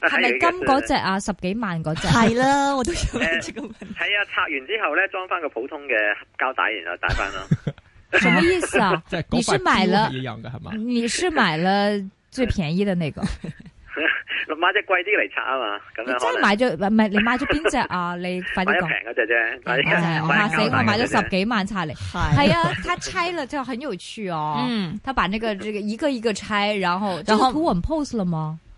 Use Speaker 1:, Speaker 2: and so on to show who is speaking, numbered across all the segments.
Speaker 1: 係咪金嗰隻
Speaker 2: 啊？十幾萬嗰隻？係啦，我都有呢
Speaker 1: 個。係啊，拆完之後咧，裝翻個普通嘅膠帶，然後帶翻咯。
Speaker 2: 什麼意思啊？你是買了？你是買了最便宜的那個？
Speaker 1: 買隻貴啲嚟拆啊嘛？
Speaker 3: 你真係買
Speaker 2: 咗？唔係你買咗邊隻啊？你快啲講。買平
Speaker 1: 隻啫。
Speaker 3: 我吓死我，買咗十幾
Speaker 2: 萬拆嚟。係。係啊，他拆啦，真係很有趣哦。嗯。他把那個這個一個一個拆，然後，然後圖穩 pose 了嗎？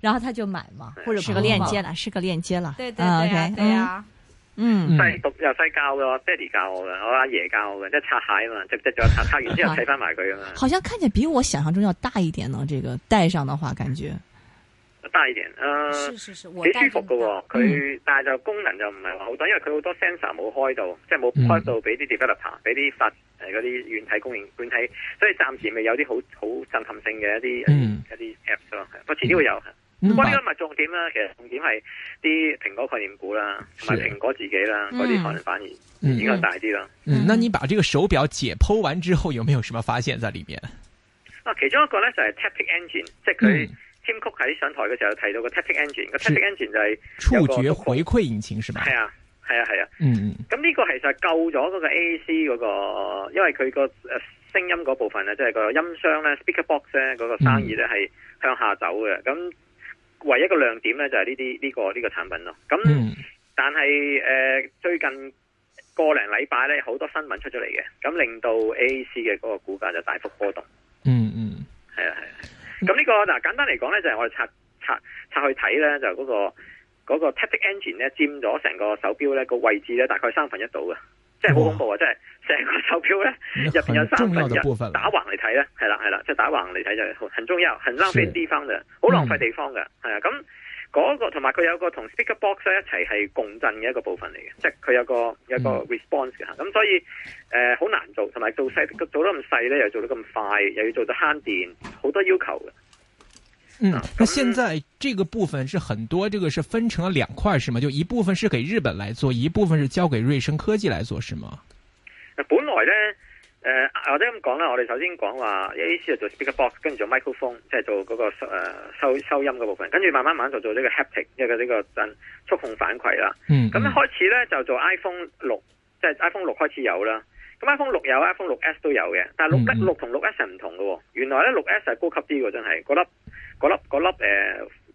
Speaker 2: 然後他就買嘛，或者是個鏈接啦，是個鏈接啦。對對對啊，對啊，嗯，細
Speaker 1: 讀又細教嘅，爹哋教我嘅，我阿爺教我嘅，即係拆蟹啦，即即就拆蟹，然之後睇翻埋佢噶嘛。好
Speaker 2: 像看起來比我想象中要大一點呢，這個戴上的話感覺
Speaker 1: 大一點，嗯，是是是，我戴住幾舒服嘅。佢但係就功能就唔係話好多，因為佢好多 sensor 冇開到，即係冇開到俾啲 developer，俾啲發誒嗰啲軟體供應軟體，所以暫時未有啲好好震撼性嘅一啲一啲 app 咯，不過遲啲會有。我呢家咪重點啦，其實重點係啲蘋果概念股啦，同埋蘋果自己啦，嗰啲可能反而影響大
Speaker 4: 啲啦嗯。嗯，那你把呢個手錶解剖完之後，有冇有什麼發現在裏面？
Speaker 1: 啊，其中一個咧就係、是、Taptic Engine，、嗯、即係佢 Tim Cook 喺上台嘅時候提到個 Taptic Engine，個、嗯、Taptic Engine 就係觸覺回
Speaker 4: 饋引擎是吧是、啊，
Speaker 1: 是咪？係啊，係啊，係啊。嗯嗯。咁呢個其實救咗嗰個 A C 嗰、那個，因為佢個誒聲音嗰部分咧，即、就、係、是、個音箱咧，Speaker Box 咧，嗰、那個生意咧係、嗯、向下走嘅。咁唯一,一個亮點咧就係呢啲呢個呢、這個產品咯，咁、嗯、但係誒、呃、最近個零禮拜咧好多新聞出咗嚟嘅，咁令到 AAC 嘅嗰個股價就大幅波動。嗯
Speaker 3: 嗯，
Speaker 1: 係啊係啊，咁呢的、嗯這個嗱簡單嚟講咧就係、是、我哋拆拆拆去睇咧就嗰、是那個嗰、那個 Taptic Engine 咧佔咗成個手錶咧個位置咧大概三分一度嘅。即係好恐怖啊！即係成個手錶咧，入邊有三分一打橫嚟睇咧，係啦係啦，即係、就是、打橫嚟睇就好重要，很浪費地方嘅，好是浪費地方嘅，係啊、嗯。咁嗰、那個同埋佢有個同 speaker box 一齊係共振嘅一個部分嚟嘅，即係佢有個有個 response 嘅吓。咁、嗯、所以誒好、呃、難做，同埋做細，做得咁細咧，又做得咁快，又要做得慳電，好多要求嘅。
Speaker 4: 嗯，那、嗯、現在這個部分是很多，這個是分成了兩塊，是嗎？就一部分是給日本來做，一部分是交給瑞聲科技來做，是嗎？
Speaker 1: 本來呢，誒、呃，我都咁講啦，我哋首先講話 A C 就做 speaker box，跟住做 microphone，即係做嗰、那個、呃、收誒收收音嗰部分，跟住慢慢慢就做呢個 haptic，一個呢個震觸控反饋啦。嗯。一開始呢，嗯、就做 iPhone 六，即係 iPhone 六開始有啦。咁 iPhone 六有，iPhone 六 S 都有嘅，但係六六同六 S 係唔同嘅。原來咧六 S 係高級啲嘅，真係嗰粒嗰粒嗰粒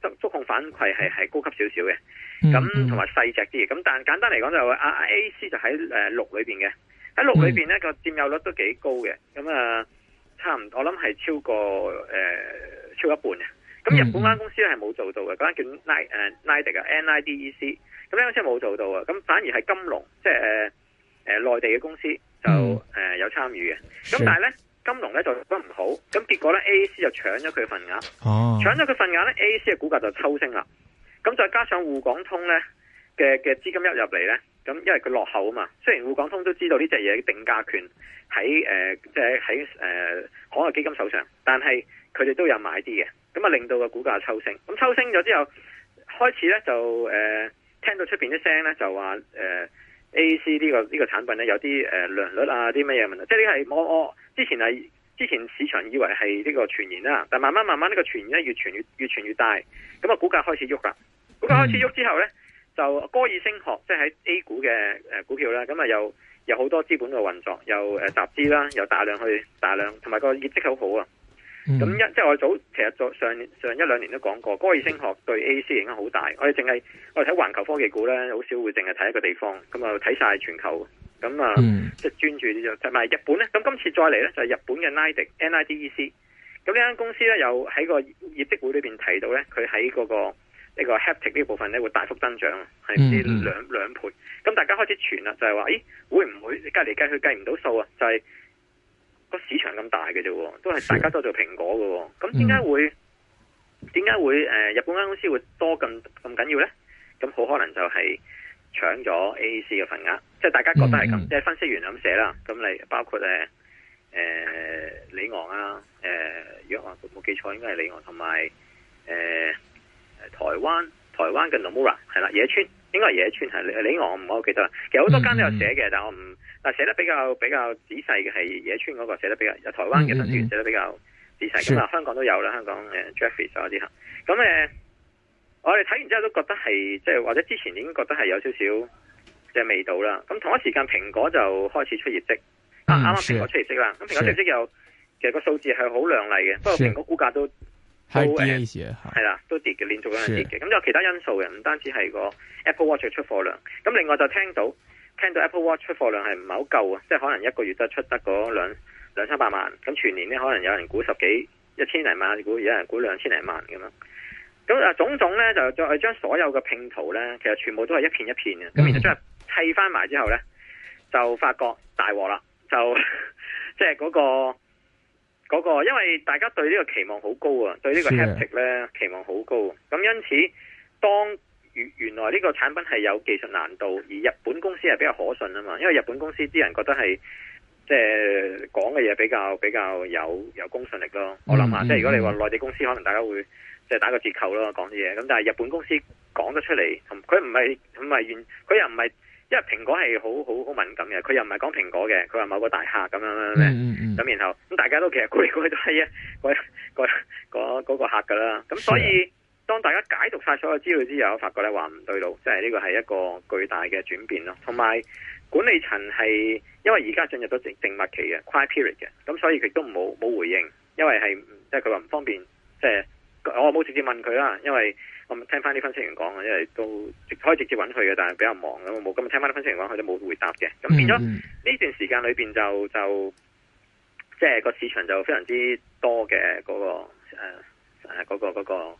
Speaker 1: 誒觸控反饋係係高級少少嘅。
Speaker 3: 咁同埋
Speaker 1: 細隻啲。咁、嗯、但係簡單嚟講就係話 AAC 就喺誒六裏邊嘅，喺六裏邊咧，個佔有率都幾高嘅。咁、嗯、啊差唔多，我諗係超過誒、呃、超一半嘅。咁日本間公司係冇做到嘅，嗰、那、間、個、叫 Nide N I D E C。咁呢間先冇做到啊。咁反而係金龍，即係誒、呃呃、內地嘅公司。就誒、呃、有參與嘅，咁但係咧，金龍咧就做得唔好，咁結果咧 AAC 就搶咗佢份額，
Speaker 3: 搶咗佢
Speaker 1: 份額咧 AAC 嘅股價就抽升啦。咁再加上滬港通咧嘅嘅資金一入嚟咧，咁因為佢落後啊嘛，雖然滬港通都知道呢隻嘢嘅定價權喺誒即係喺誒海外基金手上，但係佢哋都有買啲嘅，咁啊令到個股價抽升。咁抽升咗之後，開始咧就誒、呃、聽到出邊啲聲咧就話誒。呃 A. C. 呢、這個呢、這個產品咧有啲誒、呃、良率啊啲乜嘢問題，即係呢係我我之前係之前市場以為係呢個傳言啦，但慢慢慢慢呢個傳言咧越傳越越傳越大，咁啊股價開始喐、就是、啦，
Speaker 3: 股價開始
Speaker 1: 喐之後咧就歌爾聲學，即係喺 A 股嘅誒股票啦，咁啊又有好多資本嘅運作，又誒集資啦，又大量去大量，同埋個業績好好啊。咁、嗯、一即係、就是、我早，其實在上上一兩年都講過，嗰個歌爾聲學對 AC 影響好大。我哋淨係我哋睇環球科技股咧，好少會淨係睇一個地方，咁啊睇晒全球咁啊即係專注啲啫。同、就、埋、是、日本咧，咁今次再嚟咧就係、是、日本嘅 Nide Nidec。咁呢間公司咧有喺個業績會裏邊睇到咧，佢喺嗰個呢、這個 Haptic 呢部分咧會大幅增長，係唔知兩兩倍。咁大家開始傳啦，就係、是、話，咦，會唔會隔籬計去計唔到數啊？就係、是。個市場咁大嘅啫，都係大家都做蘋果嘅，咁點解會點解、嗯、會誒、呃、日本間公司會多咁咁緊要咧？咁好可能就係搶咗 AAC 嘅份額，即、就、係、是、大家覺得係咁，即係、嗯嗯、分析員咁寫啦。咁你包括誒誒、呃、李昂啊，誒約翰，如果冇記錯應該係李昂，同埋誒台灣台灣嘅 Nomura 係啦，野村應該係野村係李，李昂，唔係好記得啦。其實好多間都有寫嘅，嗯嗯但係我唔。嗱，寫得比較比較仔細嘅係野村嗰個寫得比較，有台灣嘅分段寫得比較仔細。咁啊，香港都有啦，香港誒 Jeffries 啲嚇。咁誒，我哋睇完之後都覺得係，即係或者之前已經覺得係有少少嘅味道啦。咁同一時間，蘋果就開始出業績。嗯，
Speaker 3: 啱啱蘋果出業
Speaker 1: 績啦。咁蘋果出業績又，其實個數字係好亮麗嘅。是不過蘋果股價都
Speaker 3: 係跌嘅，
Speaker 1: 係啦、嗯，都跌嘅，連續兩日跌嘅。咁、嗯、有、嗯、其他因素嘅，唔單止係個 Apple Watch 嘅出貨量。咁、嗯、另外就聽到。聽到 Apple Watch 出貨量係唔係好夠啊？即係可能一個月都係出得嗰兩兩三百萬，咁全年咧可能有人估十幾、一千零萬估，估有人估兩千零萬咁樣。咁啊，種種咧就再將所有嘅拼圖咧，其實全部都係一片一片嘅。咁、嗯、然後將佢砌翻埋之後咧，就發覺大鑊啦！就即係嗰個嗰個，因為大家對呢個期望好高啊，對這個呢個 Haptic 咧期望好高。咁因此當。原原來呢個產品係有技術難度，而日本公司係比較可信啊嘛，因為日本公司啲人覺得係，即係講嘅嘢比較比較有有公信力咯。我諗下，即係如果你話內地公司，可能大家會即係打個折扣咯，講啲嘢。咁但係日本公司講咗出嚟，佢唔係唔係佢又唔係，因為蘋果係好好好敏感嘅，佢又唔係講蘋果嘅，佢話某個大客咁樣樣，咁然後咁、嗯、大家都其實佢佢都係啊，個個客噶啦，咁所以。Sure. 當大家解讀晒所有資料之後，我發覺咧話唔對路，即係呢個係一個巨大嘅轉變咯。同埋管理層係因為而家進入咗靜默期嘅 quiet period 嘅，咁所以佢都冇冇回應，因為係即係佢話唔方便。即係我冇直接問佢啦，因為我聽翻啲分析員講，因為都可以直接揾佢嘅，但係比較忙咁我冇。咁啊聽翻啲分析員講，佢都冇回答嘅。咁變咗呢段時間裏邊就就即係個市場就非常之多嘅嗰個誒嗰個嗰個。呃那個那個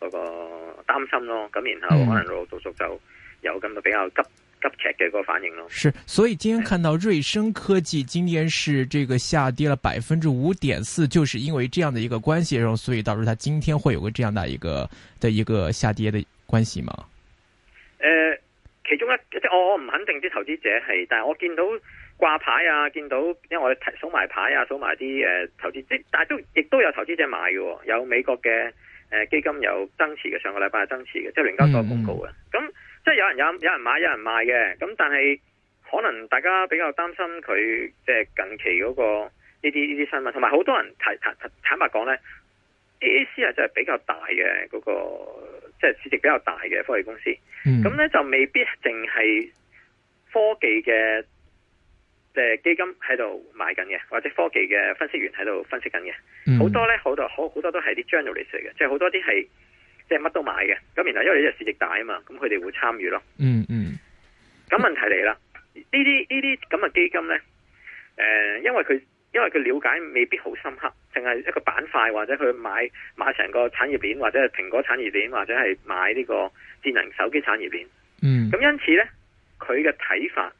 Speaker 1: 嗰個擔心咯，咁然後可能陸陸續續就有咁嘅比較急、嗯、急劇嘅個反應咯。
Speaker 4: 是，所以今天看到瑞聲科技今天是這個下跌了百分之五點四，就是因為這樣的一個關係，然後所以導致它今天會有個這樣大一個的一個下跌的關係嘛？
Speaker 1: 誒、呃，其中一即我我唔肯定啲投資者係，但係我見到掛牌啊，見到因為我哋數埋牌啊，數埋啲誒投資者，但係都亦都有投資者買嘅，有美國嘅。誒，基金有增持嘅，上個禮拜有增持嘅，即係聯交所公告嘅。咁、嗯嗯、即係有人有有人買，有人賣嘅。咁但係可能大家比較擔心佢即係近期嗰、那個呢啲呢啲新聞，同埋好多人坦坦坦白講呢，AAC 啊，就係比較大嘅嗰、那個即係市值比較大嘅科技公司。咁呢、嗯、就未必淨係科技嘅。誒，基金喺度買緊嘅，或者科技嘅分析員喺度分析緊嘅，好、嗯、多咧，好多好好多都係啲 generalist 嚟嘅，即係好多啲係即係乜都買嘅。咁然後因為呢隻市值大啊嘛，咁佢哋會參與咯。嗯嗯。咁、嗯、問題嚟啦，呢啲呢啲咁嘅基金咧，誒、呃，因為佢因為佢了解未必好深刻，淨係一個板塊或者佢買買成個產業鏈，或者係蘋果產業鏈，或者係買呢個智能手機產業鏈。嗯。咁因此咧，佢嘅睇法。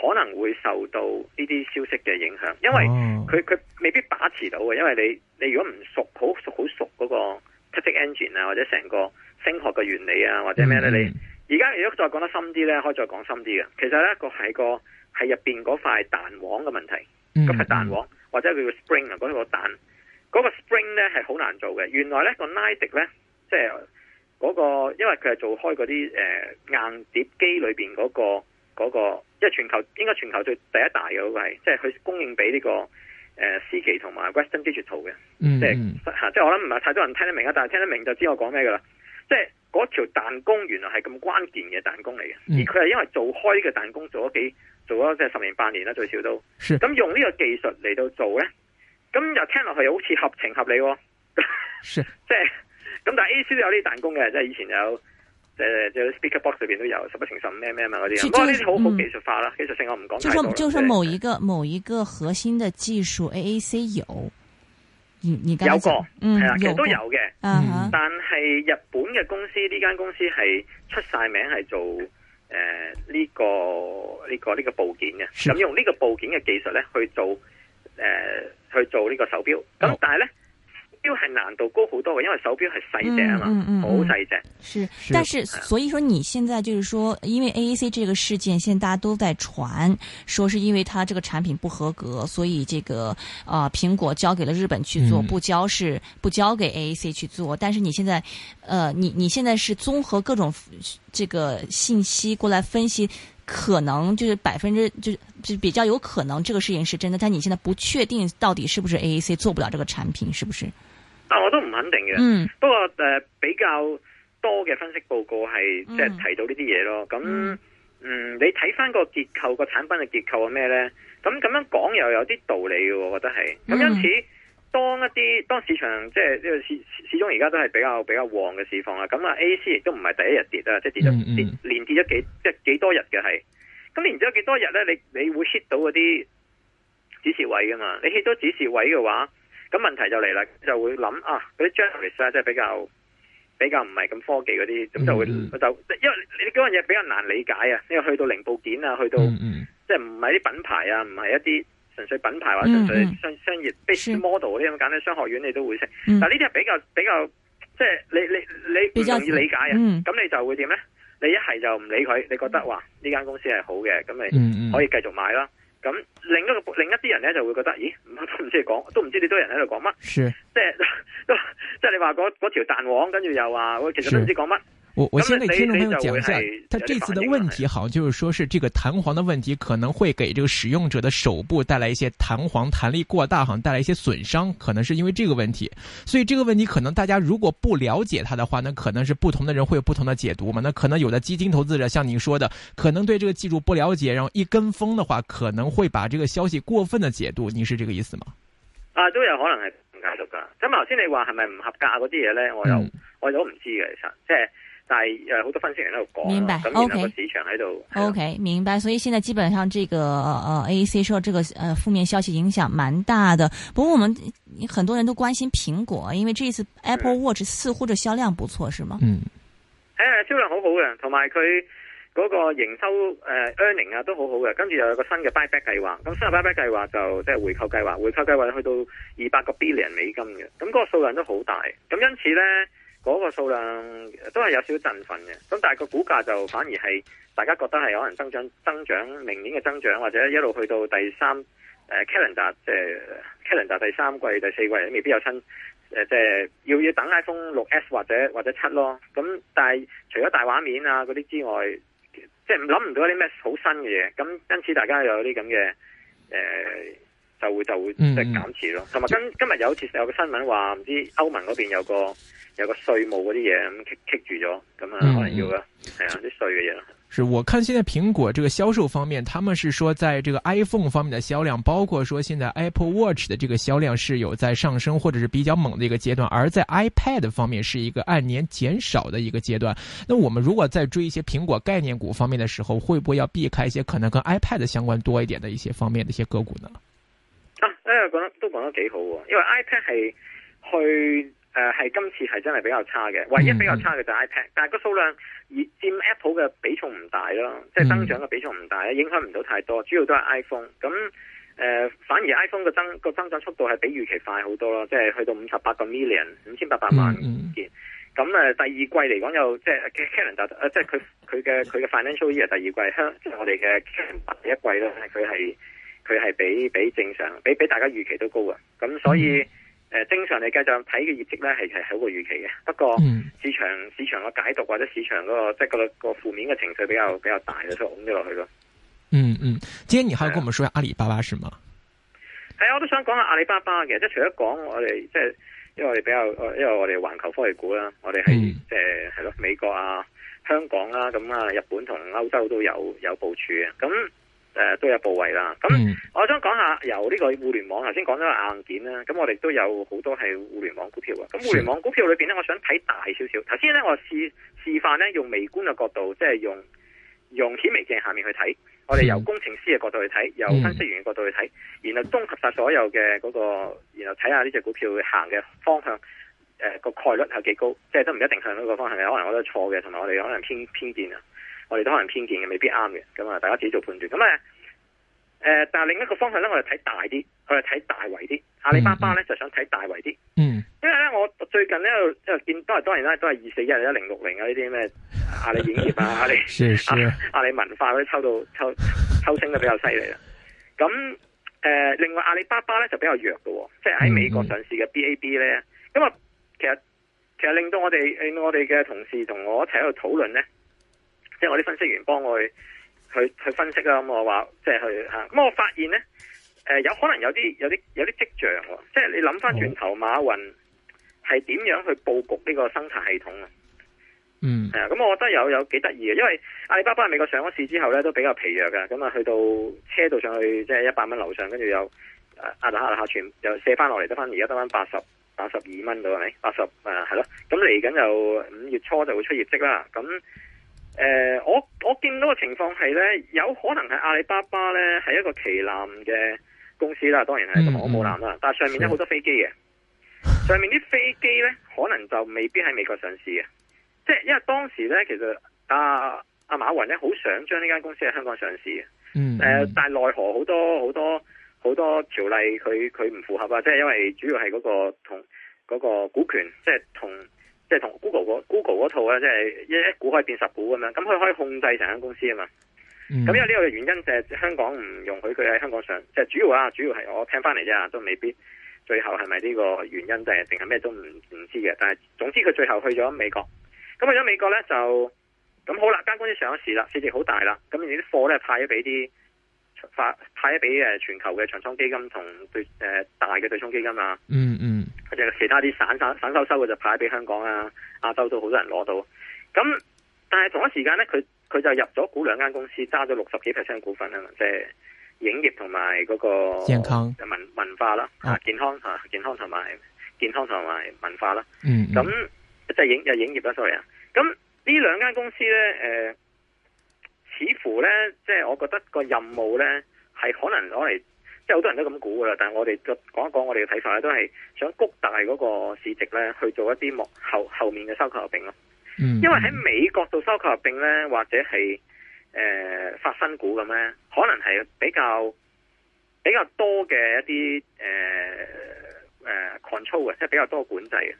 Speaker 1: 可能會受到呢啲消息嘅影響，因為佢佢未必把持到嘅，因為你你如果唔熟好熟好熟嗰個 testing engine 啊，或者成個聲學嘅原理啊，或者咩咧？你而家如果再講得深啲咧，可以再講深啲嘅。其實咧，個係個係入面嗰塊彈簧嘅問題，
Speaker 3: 咁係、嗯嗯、彈
Speaker 1: 簧或者叫 spring 啊，嗰、那個彈嗰個 spring 咧係好難做嘅。原來咧個 NIDEC 咧，即係嗰個，因為佢係做開嗰啲誒硬碟機裏面嗰、那個。嗰、那個，因為全球應該全球最第一大嘅嗰位，即係佢供應俾呢、這個誒、呃、Seagate 同埋 Western Digital 嘅、嗯，即係即係我諗唔係太多人聽得明啊，但係聽得明就知我講咩噶啦。即係嗰條彈弓原來係咁關鍵嘅彈弓嚟嘅，嗯、而佢係因為做開嘅彈弓做咗幾做咗即係十年八年啦，最少都。咁是用呢個技術嚟到做咧，咁又聽落去又好似合情合理喎、哦是。 即係，咁但係 AAC 都有啲彈弓嘅，即係以前有。誒，即 speaker box 裏邊都有，十一成十五咩咩嘛嗰啲。就是，不過呢啲好好技術化啦，嗯、技術性我唔講多。就算就算某
Speaker 2: 一個某一個核心嘅技術 A A C 有而而有個，係啦，其實都有嘅。
Speaker 1: 嗯、但係日本嘅公司呢間公司係出晒名係做誒呢、呃這個呢個呢個部件嘅，咁的用呢個部件嘅技術咧去做誒、呃、去做呢個手錶。咁、哦、但係咧。錶係難度高好多嘅，因為手錶係細隻啊嘛，
Speaker 2: 好細隻。嗯嗯、是，是但是，所以說，你現在就是說，因為 A A C 這個事件，現在大家都在傳說，是因為它這個產品不合格，所以這個，啊、呃，蘋果交給了日本去做，嗯、不交是不交給 A A C 去做。但是你現在，呃，你你現在是綜合各種這個信息過來分析，可能就是百分之，就就比較有可能，這個事情是真的。但你現在不確定到底是不是 A A C 做不了這個產品，是不是？
Speaker 1: 啊！我都唔肯定嘅，嗯、不過誒、呃、比較多嘅分析報告係即係提到呢啲嘢咯。咁嗯，嗯，你睇翻個結構個產品嘅結構係咩咧？咁咁樣講又有啲道理嘅，我覺得係。咁、嗯、因此，當一啲當市場即係始始終而家都係比較比較旺嘅市況啦。咁啊，A. C. 亦都唔係第一日跌啦，即係跌咗跌連跌咗幾即係幾多日嘅係。咁連跌咗幾多日咧？你你會 hit 到嗰啲指示位噶嘛？你 hit 到指示位嘅話？咁問題就嚟啦，就會諗啊，嗰啲 journalist、啊、即係比較比較唔係咁科技嗰啲，咁、嗯、就會就因為你幾樣嘢比較難理解啊，因為去到零部件啊，去到、嗯嗯、即係唔係啲品牌啊，唔係一啲純粹品牌或者純粹商業、嗯嗯、商業 model 啲咁簡單商學院你都會識，嗯、但呢啲係比較比較即係你你你容易理解啊。咁、嗯、你就會點咧？你一係就唔理佢，你覺得嘩呢間公司係好嘅，咁你可以繼續買啦。咁另一個另一啲人咧就會覺得，咦，都唔知你講，都唔知你堆人喺度講乜，即係即係你話嗰條彈簧，跟住又話，喂，其實都唔知講乜。Sure.
Speaker 4: 我我先給聽眾朋友講一下，他這次的問題好像就是說是這個彈簧的問題，可能會給這個使用者的手部帶來一些彈簧彈力過大，好像帶來一些損傷，可能是因為這個問題。所以這個問題可能大家如果不了解它的話，那可能是不同的人會有不同的解讀嘛。那可能有的基金投資者像您說的，可能對這個技術不了解，然後一跟風的話，可能會把這個消息過分的解讀。您是這個意思嗎？啊，都有
Speaker 1: 可能係唔解讀噶。咁頭先你話係咪唔合格嗰啲嘢呢？我又我我都唔知嘅，其實即係。但係誒，好多分析人喺度講，明白 ok 市
Speaker 2: 場喺度。OK，明白。所以現在基本上，這個誒 AAC 受這個誒負面消息影響蠻大的。不過我們很多人都關心蘋果，因為這次 Apple Watch 似乎嘅銷量不錯，是嗎？嗯，
Speaker 1: 誒，銷量好好嘅，同埋佢嗰個營收誒 earning 啊都好好嘅。跟住又有個新嘅 buyback 計劃，咁新嘅 buyback 計劃就即係回購計劃，回購計劃去到二百個 billion 美金嘅，咁嗰個數量都好大。咁因此咧。嗰個數量都係有少少振奮嘅，咁但係個股價就反而係大家覺得係可能增長增長，明年嘅增長或者一路去到第三誒、呃、Calendar 即、呃、係 Calendar 第三季第四季未必有新誒，即係要要等 iPhone 六 S 或者或者七咯。咁但係除咗大畫面啊嗰啲之外，即係諗唔到啲咩好新嘅嘢，咁因此大家有啲咁嘅誒。呃就會就會減持咯，同埋今今日有一次有個新聞話唔知歐盟嗰邊有個有個稅務嗰啲嘢咁棘住咗，咁啊嗯嗯可能要係啊啲
Speaker 4: 稅嘅嘢。是、啊、是我看現在蘋果這個銷售方面，他們是說在這個 iPhone 方面的銷量，包括說現在 Apple Watch 的這個銷量是有在上升，或者是比較猛的一個階段，而在 iPad 方面是一個按年減少的一個階段。那我們如果再追一些蘋果概念股方面的時候，會不會要避開一些可能跟 iPad 相關多一點的一些方面的一些個股呢？
Speaker 1: 即係覺得都講得幾好喎，因為 iPad 係去誒係、呃、今次係真係比較差嘅，唯一比較差嘅就係 iPad，但係個數量以佔 Apple 嘅比重唔大咯，即係增長嘅比重唔大，影響唔到太多。主要都係 iPhone 咁誒、呃，反而 iPhone 嘅增個增長速度係比預期快好多咯，即係去到五十八個 million 五千八百萬件。咁誒、嗯，呃、第二季嚟講又即係 Calendar 誒，即係佢佢嘅佢嘅 financial year 第二季，即係我哋嘅 Calendar 第一季咯，佢係。佢係比比正常，比比大家預期都高啊！咁所以，誒、嗯呃，正常你計上睇嘅業績咧，係係好過預期嘅。不過，市場、嗯、市場嘅解讀或者市場嗰個即係個負面嘅情緒比較比較大，就拱啲落去咯。嗯嗯，
Speaker 4: 今天你還要跟我們說阿里巴巴是嗎？
Speaker 1: 係啊，我都想講下阿里巴巴嘅，即係除咗講我哋，即係因為我哋比較，因為我哋環球科技股啦，我哋係即係係咯美國啊、香港啊咁啊、日本同歐洲都有有部署嘅咁。誒、呃，都有部位啦。咁，嗯、我想講下由呢個互聯網，頭先講咗個硬件啦。咁我哋都有好多係互聯網股票啊。咁互聯網股票裏邊咧，我想睇大少少。頭先咧，我試示範咧，用微觀嘅角度，即係用用顯微鏡下面去睇。我哋由工程師嘅角度去睇，嗯、由分析員嘅角度去睇，然後綜合晒所有嘅嗰、那個，然後睇下呢隻股票行嘅方向。誒、呃，個概率係幾高？即係都唔一定向呢個方向嘅，可能我都係錯嘅，同埋我哋可能偏偏見啊。我哋都可能偏見嘅，未必啱嘅，咁啊，大家自己做判斷。咁啊，誒、呃，但係另一個方向咧，我哋睇大啲，我哋睇大圍啲。阿里巴巴咧，嗯、就想睇大圍啲。嗯，因為咧，我最近咧就見都係當然啦，都係二四一一零六零啊呢啲咩阿里影業啊、阿里阿里文化嗰啲，抽到抽抽升得比較犀利啦。咁誒、呃，另外阿里巴巴咧就比較弱嘅，即係喺美國上市嘅 B A B 咧。咁啊、嗯嗯，其實其實令到我哋誒，令到我哋嘅同事同我一齊喺度討論咧。即係我啲分析員幫我去去去分析啦，咁、嗯、我話即係去吓，咁、嗯、我發現呢，誒、呃、有可能有啲有啲有啲跡象喎，即係你諗翻轉頭，馬雲係點樣去布局呢個生產系統啊？嗯，係啊、嗯，咁我覺得有有幾得意嘅，因為阿里巴巴喺美國上咗市之後呢，都比較疲弱嘅，咁、嗯、啊去到車度上去即係一百蚊樓上，跟住又壓下下下全又卸翻落嚟，得翻而家得翻八十八十二蚊度係咪？八十啊係咯，咁嚟緊就五月初就會出業績啦，咁、嗯。誒、呃，我我見到嘅情況係咧，有可能係阿里巴巴咧係一個旗艦嘅公司啦，當然係一個航母艦啦，但係上面有好多飛機嘅，上面啲飛機咧可能就未必喺美國上市嘅，即係因為當時咧其實阿、啊、阿、啊、馬雲咧好想將呢間公司喺香港上市嘅，誒、嗯嗯呃，但係奈何好多好多好多條例佢佢唔符合啊，即係因為主要係嗰、那個同嗰、那個股權，即係同。即係同 Google 嗰 Google 套咧，即係一股一股可以變十股咁樣，咁佢可以控制成間公司啊嘛。咁因為呢個原因就係香港唔容許佢喺香港上，即係主要啊，主要係我聽翻嚟啫，都未必最後係咪呢個原因就係定係咩都唔唔知嘅。但係總之佢最後去咗美國，咁去咗美國咧就咁好啦，間公司上市啦，市值好大啦，咁你啲貨咧派咗俾啲。發派咗俾誒全球嘅長倉基金同對誒、呃、大嘅對沖基金啊、嗯，嗯嗯，或者其他啲散散散收收嘅就派咗俾香港啊，亞洲都好多人攞到，咁但係同一時間咧，佢佢就入咗股兩間公司，揸咗六十幾 percent 股份啦，即、就、係、是、影業同埋嗰個健康文文化啦，啊、健康、啊、健康同埋健康同埋文化啦，嗯，咁即係影又、就是、影業啦，sorry 啊，咁呢兩間公司咧誒。呃似乎呢，即係我覺得個任務呢，係可能攞嚟，即係好多人都咁估噶啦。但係我哋講一講我哋嘅睇法咧，都係想谷大嗰個市值呢，去做一啲幕後後面嘅收購合併咯。嗯，因為喺美國做收購合併呢，或者係誒、呃、發生股咁呢，可能係比較比較多嘅一啲誒誒 control 嘅，即係比較多管制嘅。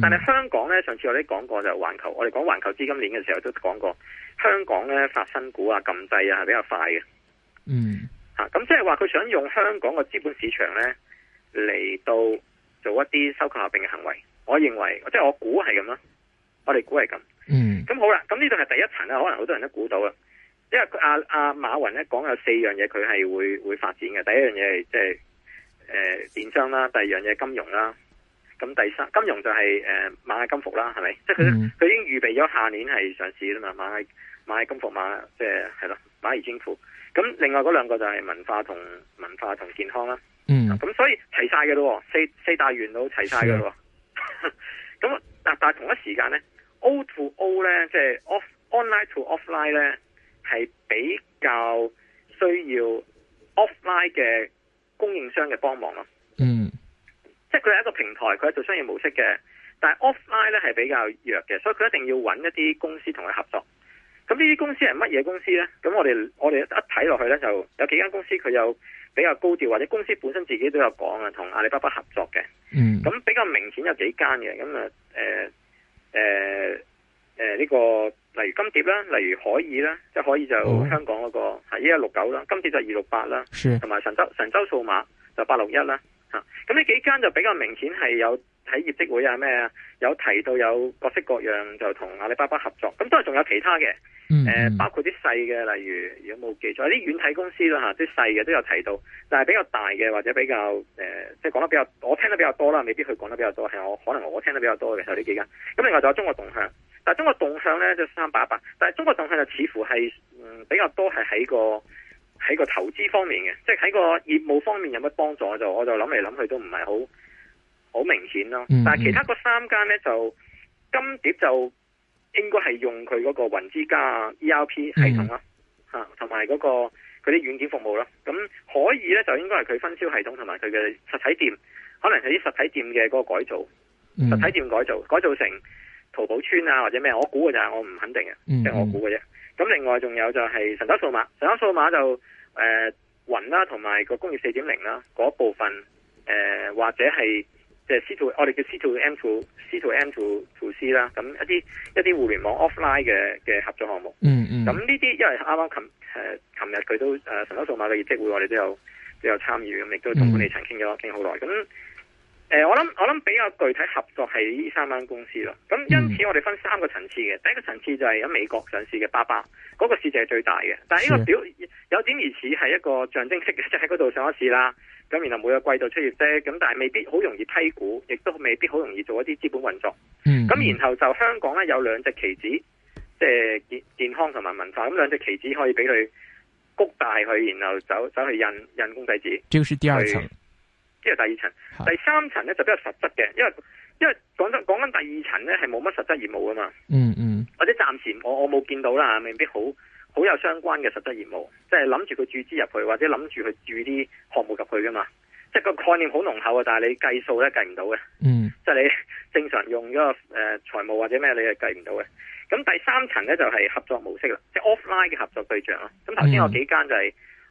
Speaker 1: 但係香港咧，上次我哋講過就係環球，我哋講環球資金鏈嘅時候都講過，香港咧發新股啊、禁制啊係比較快嘅。嗯，吓咁即係話佢想用香港嘅資本市場咧嚟，到做一啲收購合併嘅行為，我認為即係我估係咁啦，我哋估係咁。嗯，咁好啦，咁呢度係第一層啦，可能好多人都估到啦。因為阿、啊、阿、啊、馬雲咧講有四樣嘢佢係會會發展嘅，第一樣嘢係即係誒電商啦，第二樣嘢金融啦。咁第三金融就係、是、誒、呃、螞蟻金服啦，係咪？嗯、即係佢，佢已經預備咗下年係上市啦嘛。螞蟻螞蟻金服，馬即係係咯螞蟻金服。咁另外嗰兩個就係文化同文化同健康啦。嗯。咁、啊、所以齊晒嘅咯，四四大元都齊晒嘅咯。咁的 但但係同一時間咧，O to O 咧，即、就、係、是、off online to offline 咧，係比較需要 offline 嘅供應商嘅幫忙咯。做商業模式嘅，但係 offline 咧係比較弱嘅，所以佢一定要揾一啲公司同佢合作。咁呢啲公司係乜嘢公司咧？咁我哋我哋一睇落去咧，就有幾間公司佢有比較高調，或者公司本身自己都有講啊，同阿里巴巴合作嘅。嗯，咁比較明顯有幾間嘅，咁啊，誒、呃，誒、呃，誒、呃，呢、呃這個例如金蝶啦，例如海爾啦，即係海爾就香港嗰、那個係一六九啦，oh，是9，金蝶就二六八啦，同埋神州神州數碼就八六一啦。咁呢幾間就比較明顯係有睇業績會啊咩啊，有提到有各式各樣就同阿里巴巴合作，咁都係仲有其他嘅，
Speaker 3: 嗯嗯包括
Speaker 1: 啲細嘅，例如有冇記錯有啲軟體公司啦，嚇，啲細嘅都有提到，但係比較大嘅或者比較誒，即係講得比較我聽得比較多啦，未必佢講得比較多，係我可能我聽得比較多嘅時候呢幾間。咁另外仲有中國動向，但係中國動向咧就三八八，但係中國動向就似乎係，嗯比較多係喺個。喺個投資方面嘅，即係喺個業務方面有乜幫助，就我就諗嚟諗去都唔係好好明顯咯。嗯、但係其他嗰三間呢，就，金蝶就應該係用佢嗰個雲之家 ERP 系統啦，吓同埋嗰個佢啲軟件服務啦。咁可以呢，就應該係佢分銷系統同埋佢嘅實體店，可能係啲實體店嘅嗰個改造，嗯、實體店改造改造成淘寶村啊或者咩，我估嘅就係我唔肯定嘅，即係、嗯、我估嘅啫。咁另外仲有就係神州數碼，神州數碼就誒、呃、雲啦，同埋個工業四點零啦嗰部分，誒、呃、或者係即係 C to 我哋叫 C to M to C to M to to C 啦，咁一啲一啲互聯網 offline 嘅嘅合作項目，嗯嗯、mm，咁呢啲因為啱啱琴誒琴日佢都、呃、神州數碼嘅業績會，我哋都有都有參與，咁亦都同管理層傾咗傾好耐，咁。誒、呃，我諗我諗比較具體合作係呢三間公司咯。咁因此我哋分三個層次嘅。嗯、第一個層次就係喺美國上市嘅巴巴，嗰、那個市值係最大嘅。但係呢個表是有點類似係一個象徵式嘅，即係喺嗰度上咗市啦。咁然後每個季度出業績，咁但係未必好容易批股，亦都未必好容易做一啲資本運作。嗯。咁然後就香港咧有兩隻棋子，即係健健康同埋文化。咁兩隻棋子可以俾佢谷大去，然後走走去印印公仔紙。這是第二層。即係第二層，第三層咧就比較實質嘅，因為因為講緊講緊第二層咧係冇乜實質業務啊嘛。嗯嗯。或者暫時我我冇見到啦，未必好好有相關嘅實質業務，即係諗住佢注資入去，或者諗住佢注啲項目入去噶嘛。即係個概念好濃厚啊，但係你計數咧計唔到嘅。嗯。即係你正常用一個誒財務或者咩，你係計唔到嘅。咁第三層咧就係合作模式啦，即係 offline 嘅合作對象啦。咁頭先有幾間就係。嗯嗯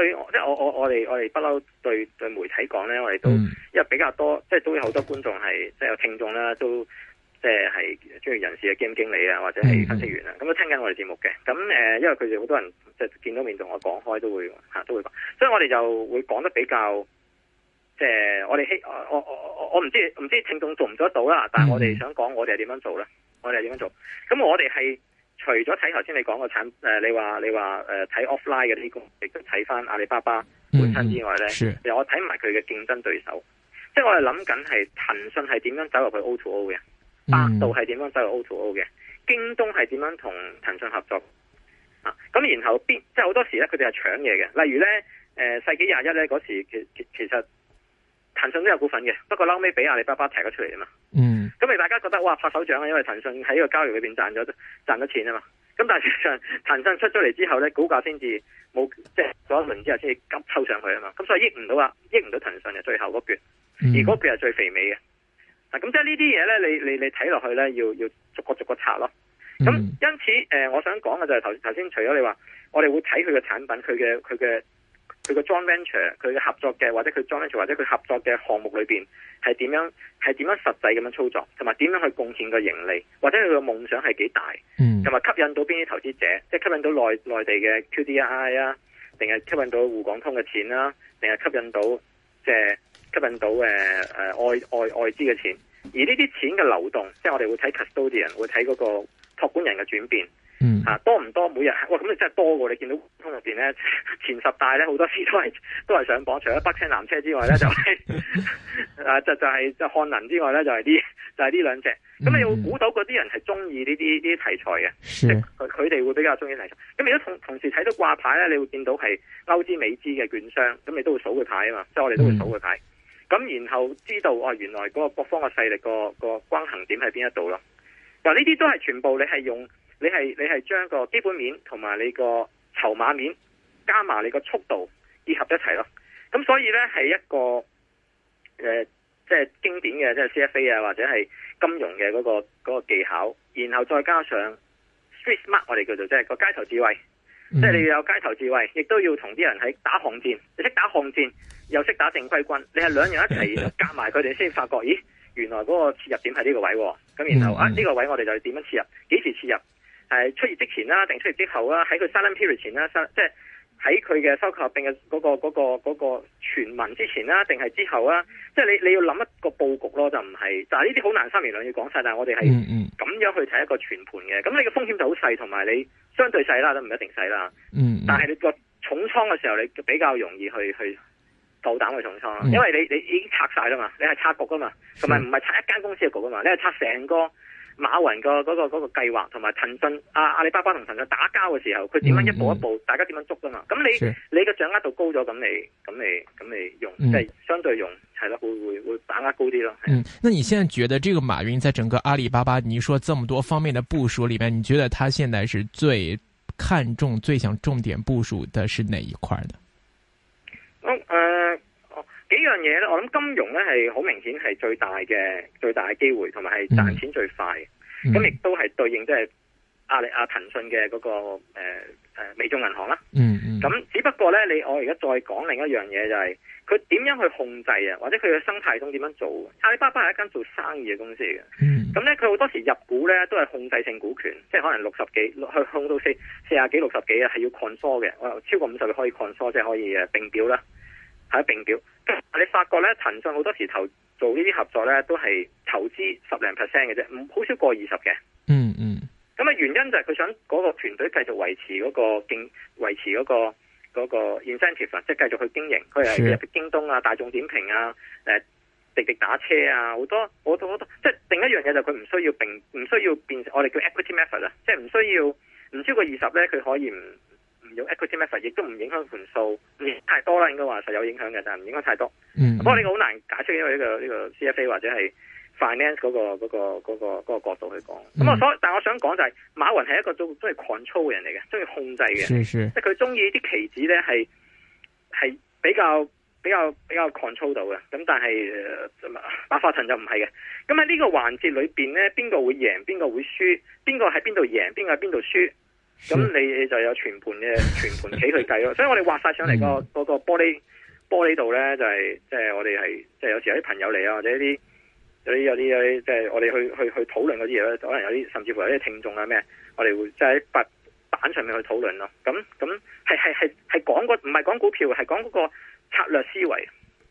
Speaker 1: 對，即係我我我哋我哋不嬲對對媒體講咧，我哋都、嗯、因為比較多，即係都有好多觀眾係即係有聽眾啦，都即係係專業人士嘅基金經理啊，或者係分析員啊，咁、嗯、都聽緊我哋節目嘅。咁誒、呃，因為佢哋好多人即係見到面同我講開都會吓，都會講，所以我哋就會講得比較即係我哋希我我我我唔知唔知道聽眾做唔做得到啦，但係我哋想講我哋係點樣做咧，我哋係點樣做，咁、嗯、我哋係。除咗睇頭先你講個產，誒、呃、你話你話誒睇、呃、offline 嘅呢啲公司，亦都睇翻阿里巴巴本身之外咧，嗯、又我睇埋佢嘅競爭對手，即係我係諗緊係騰訊係點樣走入去 O to O 嘅，
Speaker 3: 百度係
Speaker 1: 點樣走入 O to O 嘅，嗯、京東係點樣同騰訊合作啊。咁然後邊，即係好多時咧，佢哋係搶嘢嘅，例如咧，誒、呃、世紀廿一咧嗰時，其其其實。騰訊都有股份嘅，不過撈尾俾阿里巴巴踢咗出嚟啊嘛。嗯。咁咪大家覺得哇拍手掌啊，因為騰訊喺個交易裏邊賺咗賺咗錢啊嘛。咁但係事實上騰訊出咗嚟之後咧，股價先至冇即係咗一輪之後先至急抽上去啊嘛。咁所以益唔到啊，益唔到騰訊嘅最後嗰橛。嗯。而嗰橛係最肥美嘅，嗱咁即係呢啲嘢咧，你你你睇落去咧，要要逐個逐個拆咯。咁、嗯、因此，誒、呃，我想講嘅就係頭頭先，除咗你話，我哋會睇佢嘅產品，佢嘅佢嘅。他的佢個 joint venture 佢嘅合作嘅或者佢 joint venture 或者佢合作嘅項目裏面係點樣係點樣實際咁樣操作，同埋點樣去貢獻個盈利，或者佢個夢想係幾大，同埋吸引到邊啲投資者，即係吸引到內，內地嘅 QDII 啊，定係吸引到滬港通嘅錢啦，定係吸引到即係、就是、吸引到誒誒、呃呃、外外外資嘅錢。而呢啲錢嘅流動，即係我哋會睇 custodian 會睇嗰個託管人嘅轉變。嗯、啊、多唔多每日哇，咁你真係多過，你見到通入邊咧前十大咧好多次都係都係上榜，除咗北車南車之外咧就啊、是、 就是、就係、是、漢能之外咧就係、是、啲就係呢兩隻，咁你會估到嗰啲人係中意呢啲呢啲題材嘅，即佢佢哋會比較中意題材。咁你都同同時睇到掛牌咧，你會見到係歐資美資嘅券商，咁你都會數佢牌啊嘛，即係我哋都會數佢牌。咁、嗯、然後知道哦原來嗰個各方嘅勢力、那個個均衡點喺邊一度咯。嗱呢啲都係全部你係用。你係你係將個基本面同埋你個籌碼面加埋你個速度結合一齊咯。咁所以呢，係一個、呃、即係經典嘅即係 CFA 啊，或者係金融嘅嗰個嗰個技巧，然後再加上 street smart 我哋叫做即係個街頭智慧，即係、嗯、你要有街頭智慧，亦都要同啲人喺打巷戰，你識打巷戰又識打正規軍，你係兩樣一齊夾埋佢哋先發覺， 咦，原來嗰個切入點係呢個位喎。咁然後啊，呢個位我哋就點樣切入，幾時切入？係出業之前啦，定出業之後啦，喺佢收臨 period 前啦，即係喺佢嘅收購合併嘅嗰個嗰、嗰個嗰、嗰個嗰個、傳聞之前啦，定係之後啦，即、就、係、是、你你要諗一個佈局咯，就唔係，但係呢啲好難三言兩語講晒，但係我哋係咁樣去睇一個全盤嘅，咁你嘅風險就好細，同埋你相對細啦，都唔一定細啦。Mm hmm. 但係你個重倉嘅時候，你比較容易去去夠膽，膽去重倉，mm hmm. 因為你你已經拆晒啦嘛，你係拆局㗎嘛，同埋唔係拆一間公司嘅局㗎嘛，你係拆成個。馬雲個嗰個個計劃同埋騰訊阿阿里巴巴同騰訊打交嘅時候，佢點樣一步一步，嗯、大家點樣捉㗎嘛？咁你是你嘅掌握度高咗，咁你咁你咁你用，嗯、即係相對用係咯，會會會把握高啲咯。
Speaker 4: 嗯，那你現在覺得，這個馬雲在整個阿里巴巴，你說這麼多方面的部署裏面，你覺得他現在是最看重、最想重點部署的是哪一塊的？
Speaker 1: 呢樣嘢咧，我諗金融咧係好明顯係最大嘅、最大嘅機會，同埋係賺錢最快的。咁亦、嗯嗯、都係對應即係阿里、阿騰訊嘅嗰個誒誒微眾銀行啦。嗯嗯。咁、嗯、只不過咧，你我而家再講另一樣嘢就係、是，佢點樣去控制啊？或者佢嘅生態通點樣做？阿里巴巴係一間做生意嘅公司嚟嘅。咁咧、嗯，佢好多時入股咧都係控制性股權，即係可能六十幾，去控到四四啊幾六十幾啊，係要 consol 嘅。我超過五十可以 consol 即係可以誒並表啦。喺並表，但係你發覺咧，騰訊好多時投做呢啲合作咧，都係投資十零 percent 嘅啫，唔好少過二十嘅。嗯嗯。咁啊，原因就係佢想嗰個團隊繼續維持嗰個經維持嗰個嗰個 incentive 啊，即係繼續去經營。佢係入去京東啊、大眾點評啊、誒滴滴打車啊，好多好多好多，即係另一樣嘢就佢唔需要並唔需要變成我哋叫 equity method 啊，即係唔需要唔超過二十咧，佢可以唔。用 equity method 亦都唔影響盤數，嗯、太多啦，應該話實有影響嘅，但係唔應該太多。
Speaker 3: 嗯，不過呢個
Speaker 1: 好難解釋，因為呢、這個呢、這個、CFA 或者係 finance 嗰、嗰個嗰個嗰個嗰個角度去講。咁所、嗯、但我想講就係、是、馬雲係一個中中意 control 嘅人嚟嘅，中意控制嘅。制的是是，即係佢中意啲棋子咧係比較比較比較 control 到嘅。咁但係、呃、馬化騰就唔係嘅。咁、嗯、喺呢個環節裏邊咧，邊個會贏？邊個會輸？邊個喺邊度贏？邊個喺邊度輸？咁你 你就有全盤嘅 全盤企去計咯，所以我哋畫晒上嚟個個玻璃 玻璃度咧就係即係我哋係即係有時有啲朋友嚟啊，或者一啲有啲有啲即係我哋去去去討論嗰啲嘢咧，可能有啲甚至乎有啲聽眾啊咩，我哋會即係喺白板上面去討論咯。咁咁係係係係講唔係講股票，係講嗰個策略思維。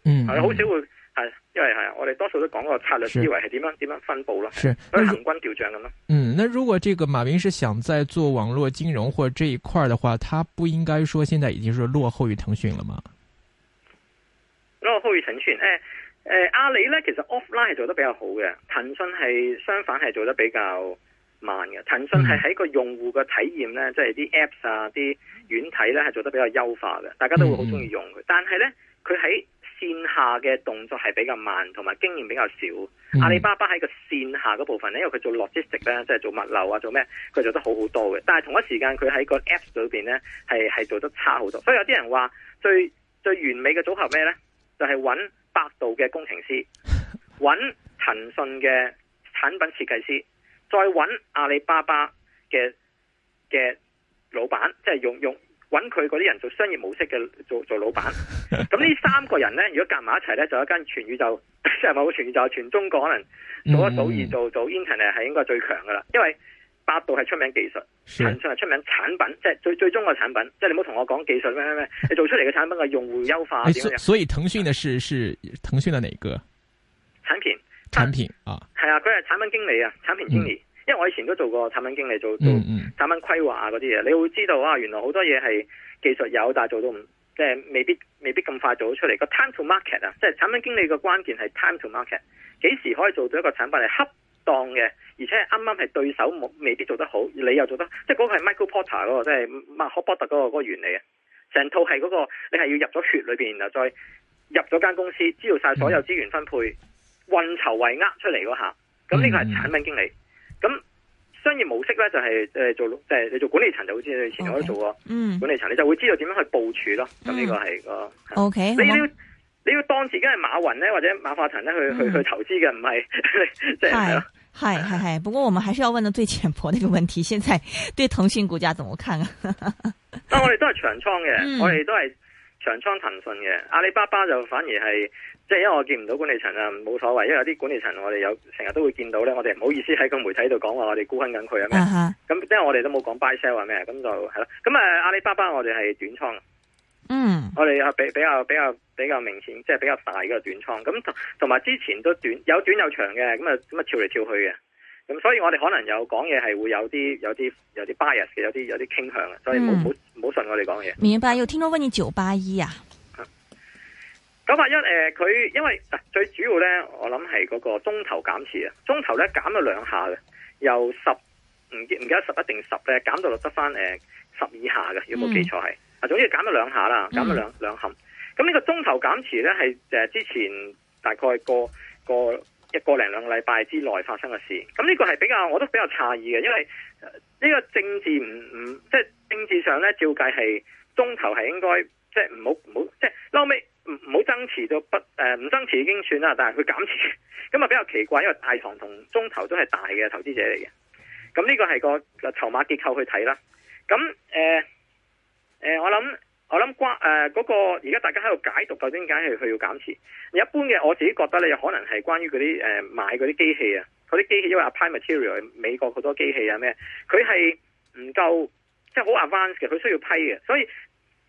Speaker 4: 嗯， 係好少
Speaker 1: 會。係，因為係啊，我哋多數都講個策略思維係點樣點是樣分布咯，所
Speaker 4: 以行
Speaker 1: 軍調將咁咯。
Speaker 4: 嗯，那如果這個馬雲是想再做網絡金融或者這一塊的話，他不應該說現在已經是落後於騰訊了嗎？
Speaker 1: 落後於騰訊，誒、呃、誒、呃，阿里呢其實 offline 係做得比較好嘅，騰訊係相反係做得比較慢嘅。騰訊係喺個用戶嘅體驗呢，嗯、即係啲 apps 啊啲軟體呢，係做得比較優化嘅，大家都會好中意用佢。嗯、但係呢，佢喺。綫下嘅動作係比較慢，同埋經驗比較少。阿里巴巴喺個綫下嗰部分咧，因為佢做 logistics 咧，即係做物流啊，做咩佢做得好好多嘅。但係同一時間佢喺個 app 裏邊咧，係係做得差好多。所以有啲人話最最完美嘅組合咩呢？就係、是、揾百度嘅工程師，揾騰訊嘅產品設計師，再揾阿里巴巴嘅嘅老闆，即係用用。用揾佢嗰啲人做商業模式嘅做做老闆，咁呢 三個人咧，如果夾埋一齊咧，就一間全宇宙，即係冇全宇宙全中國可能做一到二做做，做 Internet 係應該最強噶啦，因為百度係出名技術，
Speaker 4: 騰
Speaker 1: 訊係出名產品，即係最最終個產品，即係你冇同我講技術咩咩，咩， 你做出嚟嘅產品嘅用戶優化點樣，欸？所以
Speaker 4: 騰訊嘅事是騰訊嘅，是騰訊的哪個產品？產品啊，
Speaker 1: 係啊，佢係產品經理啊，產品經理。嗯因為我以前都做過產品經理，做做產品規劃啊嗰啲嘢，你會知道啊，原來好多嘢係技術有，但係做到唔，即係未必未必咁快做到出嚟。個 time to market 啊，即係產品經理個關鍵係 time to market，幾時可以做到一個產品係恰當嘅，而且係啱啱係對手冇未，未必做得好，你又做得好，即係嗰個係 Michael Porter 嗰、嗰個，即係 Michael Porter 嗰個個原理啊。成套係嗰、嗰個，你係要入咗血裏邊，然後再入咗間公司，知道晒所有資源分配、運籌帷幄出嚟嗰下，咁呢個係產品經理。咁商業模式咧就係、是、誒做即係、就是、你做管理層就好似你前度都做過啊，管理層你就會知道點樣去部署咯。咁呢、嗯、個係個。嗯、o、okay, K，你要嗎你要當自己係馬雲咧或者馬化騰咧去去、嗯、去投資嘅，唔係即
Speaker 2: 係咯。係係係，不過我們還是要問到最淺薄呢個問題，現在對騰訊股價怎麼看啊？
Speaker 1: 但我哋都係長倉嘅，嗯、我哋都係。長倉騰訊嘅阿里巴巴就反而係，即係因為我見唔到管理層啊，冇所謂。因為有啲管理層我哋有成日都會見到咧，我哋唔好意思喺個媒體度講話我哋沽空緊佢啊咩，咁即係我哋都冇講 buy sell 啊咩，咁就係咯。咁啊阿里巴巴我哋係短倉，嗯
Speaker 3: ，mm.
Speaker 1: 我哋比比較比較比較明顯，即係比較大嘅短倉。咁同同埋之前都短有短有長嘅，咁啊咁啊跳嚟跳去嘅。咁、嗯、所以我哋可能有講嘢係會有啲有啲有啲 bias 嘅，有啲有啲傾向啊，所以唔好唔好信我哋講嘢。
Speaker 2: 明白，要聽到問你九八一啊、
Speaker 1: 嗯。九八一誒，佢、呃、因為最主要咧，我諗係嗰個中頭減持啊，中頭咧減咗兩下嘅，由十唔唔記得十一定十咧、呃，減到落得翻誒十以下嘅，如果冇記錯係？啊、嗯，總之減咗兩下啦，減咗兩兩行。咁呢個中頭減持咧係誒之前大概過過。一個零兩個禮拜之內發生嘅事，咁呢個係比較我都比較詫異嘅，因為呢個政治唔唔即係政治上呢，照計係中投係應該即係唔好唔好即係後尾唔唔好增持到不誒唔、呃、增持已經算啦，但係佢減持咁啊，比較奇怪，因為大行同中投都係大嘅投資者嚟嘅，咁呢個係個個籌碼結構去睇啦，咁誒。呃誒，嗰、啊，那個而家大家喺度解讀，究竟點解係佢要減持？一般嘅我自己覺得咧，有可能係關於嗰啲誒買嗰啲機器啊，嗰啲機器因為阿 Applied Material 美國好多機器啊咩，佢係唔夠即係好 advanced 嘅，佢、就是、需要批嘅，所以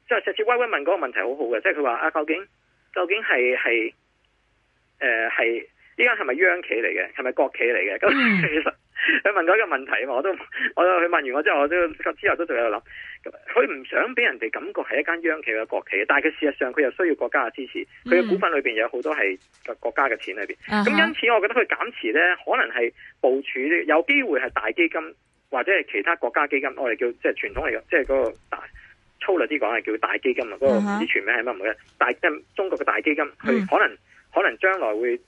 Speaker 1: 即係上次威威問嗰個問題很好好嘅，即係佢話啊，究竟究竟係係誒係。是呃是呢間係咪央企嚟嘅？係咪國企嚟嘅？咁、mm hmm. 其實你問到一個問題啊嘛，我都我就，去問完我之後，我都之後都仲喺度諗。佢唔想俾人哋感覺係一間央企嘅國企但係佢事實上佢又需要國家嘅支持。佢嘅、mm hmm. 股份裏邊有好多係個國家嘅錢裏邊。咁、mm hmm. 因此，我覺得佢減持咧，可能係部署，有機會係大基金或者係其他國家基金。我哋叫即係傳統嚟嘅，即係嗰、那個大粗略啲講係叫大基金啊。嗰唔知全名係乜唔記得。大即中國嘅大基金，佢可能、mm hmm. 可能將來會。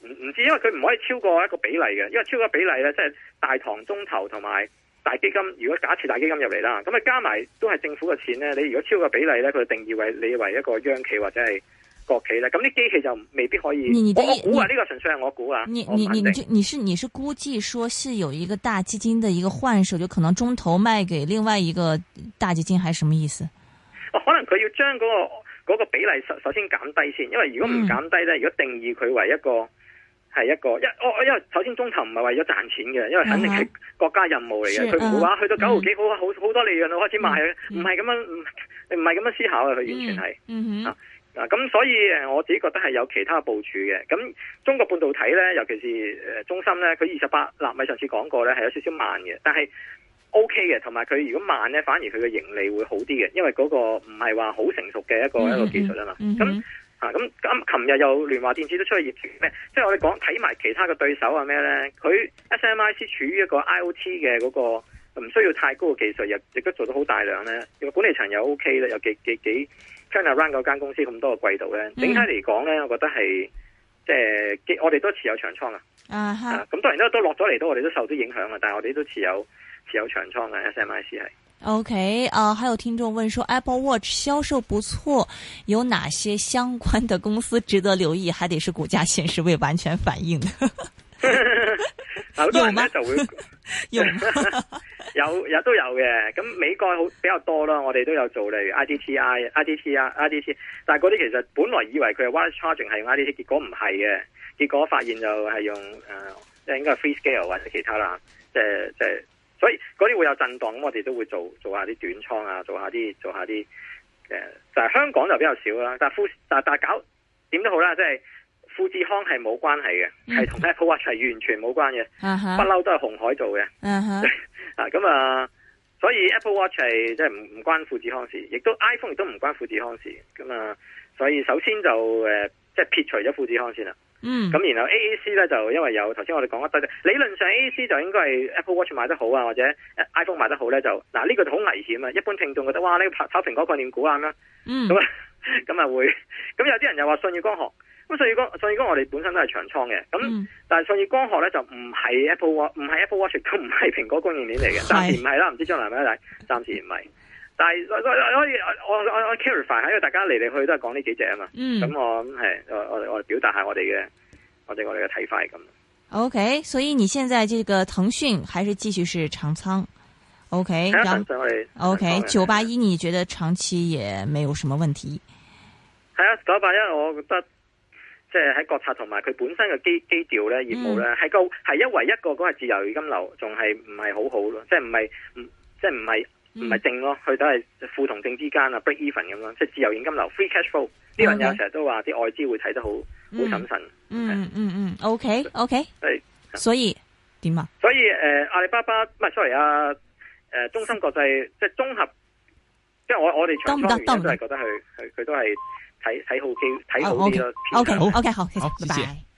Speaker 1: 唔知，因為佢唔可以超過一個比例嘅，因為超過比例咧，即係大堂中投同埋大基金。如果假設大基金入嚟啦，咁啊加埋都係政府嘅錢咧。你如果超過比例咧，佢就定義為你為一個央企或者係國企啦，咁啲機器就未必可以。你的我你我估啊，呢你個純粹係我估啊。你你你
Speaker 2: 你你是你是估計說，是有一個大基金的一個換手，就可能中投賣給另外一個大基金，還是什麼意思？
Speaker 1: 哦、可能佢要將嗰、那個嗰、那個比例首首先減低先，因為如果唔減低咧，嗯、如果定義佢為一個。係一個一我我，因為首先中投唔係為咗賺錢嘅，因為肯定係國家的任務嚟嘅。佢唔會話去到九毫幾好好好多利潤就開始賣，唔係咁樣，唔係咁樣思考嘅，佢完全係。嗯哼、uh。咁、huh. 啊、所以誒，我自己覺得係有其他部署嘅。咁中國半導體呢，尤其是誒中芯呢，佢二十八納米，咪上次講過呢，係有少少慢嘅，但係 O K 嘅。同埋佢如果慢呢，反而佢嘅盈利會好啲嘅，因為嗰個唔係話好成熟嘅一個一個技術啊嘛。咁、uh huh. 啊咁咁，琴日、啊、又聯華電子都出去業績咩？即係我哋講睇埋其他嘅對手啊咩咧？佢 S M I C 處於一個 I O T 嘅嗰個唔需要太高嘅技術，亦亦都做到好大量咧。因為管理層又 O K 咧，又幾幾幾 channel run 嗰間公司咁多個季度咧。整體嚟講咧，我覺得係即係我哋都持有長倉、uh
Speaker 2: huh. 啊。
Speaker 1: 咁當然都都落咗嚟，都我哋都受啲影響啊。但係我哋都持有持有長倉啊，S M I C 係。
Speaker 2: O K，啊，還有聽眾問說，Apple Watch 銷售不錯，有哪些相關的公司值得留意？還得是股價顯示未完全反映。
Speaker 1: 有就有，有有都有嘅。咁美國好比較多啦，我哋都有做，例如 I D T I、I D T I、I D T，但係嗰啲其實本來以為佢係 Watch Charging 係用 I D T，結果唔係嘅，結果發現就係用誒、呃，應該係 Free Scale 或、啊、者其他啦，即係即係。所以嗰啲會有震盪，咁我哋都會做做下啲短倉啊，做下啲做下啲，誒，就係、呃、香港就比較少啦。但富但但搞點都好啦，即係、就是、富士康係冇關係嘅，係同 Apple Watch 係完全冇關係，不嬲、uh huh. 都係紅海做嘅。Uh huh. 啊咁啊，所以 Apple Watch 係即係唔唔關富士康事，亦都 iPhone 亦都唔關富士康事。咁啊，所以首先就誒，即、呃、係、就是、撇除咗富士康先啦。嗯，咁然後 A A C 咧就因為有頭先我哋講得多，理論上 A A C 就應該係 Apple Watch 賣得好啊，或者 iPhone 賣得好咧就嗱，呢個就好危險啊。一般聽眾覺得哇，呢跑蘋果概念股啱啦，
Speaker 3: 咁啊
Speaker 1: 咁啊會，咁有啲人又話舜宇光學，咁舜宇光舜宇光我哋本身都係長倉嘅，咁但係舜宇光學咧就唔係 Apple Watch 唔係 Apple Watch 都唔係蘋果供應鏈嚟嘅是，但係唔係啦，唔知將來咪係啦，暫時唔係。但係我我可以我我我 clarify 因為大家嚟嚟去都係講呢幾隻啊嘛，咁、嗯、我咁係我我我表達下我哋嘅我哋我哋嘅睇法係咁。
Speaker 2: OK，所以你現在這個騰訊還是繼續是長倉。OK，然後 O K 九八一你覺得長期也沒有什麼問題。
Speaker 1: 係啊，九八一我覺得即係喺國策同埋佢本身嘅基基調咧，業務咧係高係一唯一一個嗰個自由現金流仲係唔係好好咯，即係唔係唔即係唔係。就是.唔係正咯，佢、嗯、都係負同正之間啊，break even 咁樣，即係自由現金流 free cash flow。呢樣嘢成日都話啲外資會睇得好好審慎。嗯
Speaker 2: 嗯嗯，OK OK，係所以
Speaker 1: 點 okay. 以啊？所以誒、呃，阿里巴巴唔係 sorry 啊，誒，中心國際即係綜合，即係我我哋全方位都係覺得佢佢佢都係睇睇好幾，睇好啲囉。O K 好，O K 好，okay, 好，
Speaker 3: 拜拜 okay, bye。Okay.